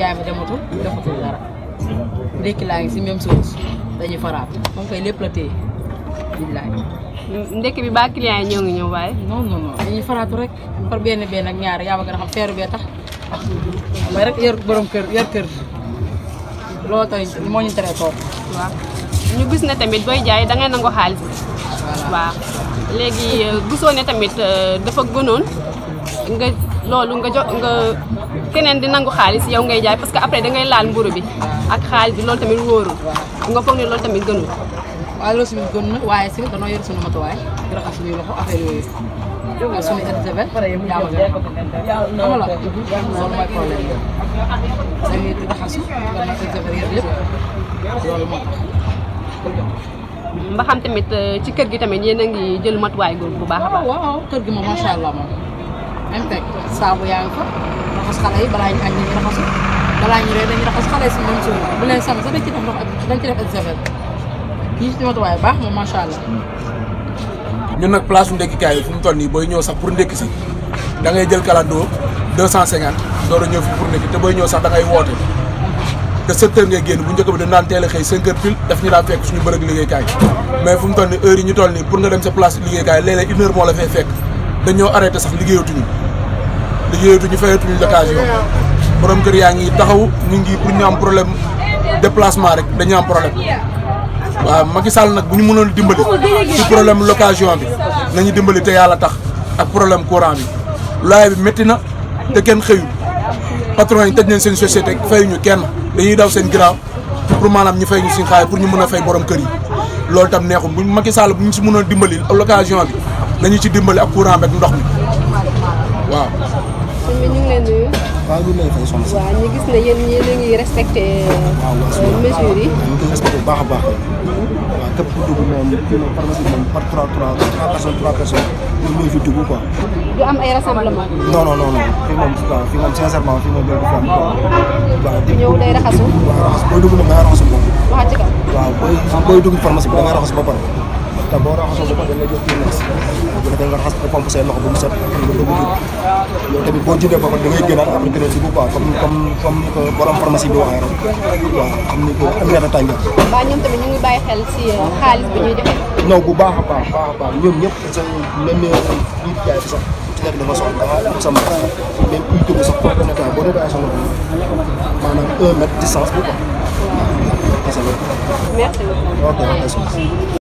njaay ma dematul defatul dara ndékki laa ngi si même chose dañuy faraat moom koy lépp la téye billaay ndekki bi ba client yi ñoo ngi ñëw waaye non non non faraatu rek par benn benn ak ñaar yaa ma a xam feeru bee tax mais rek yor borom kër yor kër loolu tamit moo ñu teree toog ñu gis ne tamit booy jaay da ngay nangu xaalis waaw léegi euh, gisoo ne tamit euh, dafa gënoon nga loolu nga jo nga keneen di nangu xaalis yow ngay jaay parce que après da ngay laal mburu bi ak xaalis bi loolu tamit wóorul nga foog ne loolu tamit gënul waaye loolu tamit gën na waaye si dañoo yor suñu matuwaay di raxas suñuy loxo affaire yooyu ak suñu interjabel yaa ma gën xam la loolu mooy problème bi sa tamit eh, ci kër gi tamit yéen a ngi jël matuwaay bu baax a baax ah, waaw kër gi moom macha allah moom impact sabu yaa ngi fa raxas xale yi balaa ñu añ dañuy raxasu balaa ñu ree dañuy Belain sama, yi si mën suuf bu leen sang sax dañ tuh apa? ndox dañ ci def ak javel yi ci matuwaay baax moom macha allah ñun nag place ndékkikaay yi fu mu toll nii booy ñëw sax pour ndékki si da ngay jël kalandoo 250 door a ñëw fi pour ndékki te booy ñëw sax da ngay woote te 7 heures ngay génn bu njëkk bi dañ daan teel a 5 heures pile daf ñu daan fekk suñu bërëg liggéeykaay mais fu mu toll heure yi ñu toll pour nga dem sa place liggéeykaay léeg-léeg une heure moo la fay fekk dañoo arrêté sax liggéeyatuñu liggéeyatuñu fayatuñu location borom kër yaa ngi taxaw ñu ngi pour ñu am problème déplacement rek dañu am problème waaw Macky Sall nag bu ñu mënoon dimbali ci problème location bi dimbali te yàlla tax ak problème courant bi loyer bi na te kenn xëyu patron yi tëj nañ seen société fayuñu kenn dañuy daw seen grave pour maanaam ñi fay ñu si xaay pour ñu mën a fay borom kër yi loolu tam neexum bu Macky Sall bu ñu si mënoon dimbali location bi nañu ci dimbali ak courant bi ak ndox mi waaw Wah, waaw du lay fay soxna gis ne yéen ñi la ngi respecté mesures yi ñu respecté bu baax baax waaw képp ku dugg moom ku ne pharmacie moom par trois trois trois personnes personnes ñun ñooy fi dugg quoi du am ay rassemblement non non non fi fi fi di ñëw day raxasu waaw raxas dugg nga dugg pharmacie bi da nga raxas Tabora boo raxasoo ba pare da ngay jox kii nas ko pomp say loxo bu mu set nga dugg jub yow tamit boo jubee boppam da ngay gënaat après gënaat si bu quoi comme comme comme ni ko ni ko Aminata Tànja waa ñoom tamit ñu ngi bàyyi xel si xaalis bi ñuy sama Merci eh, beaucoup.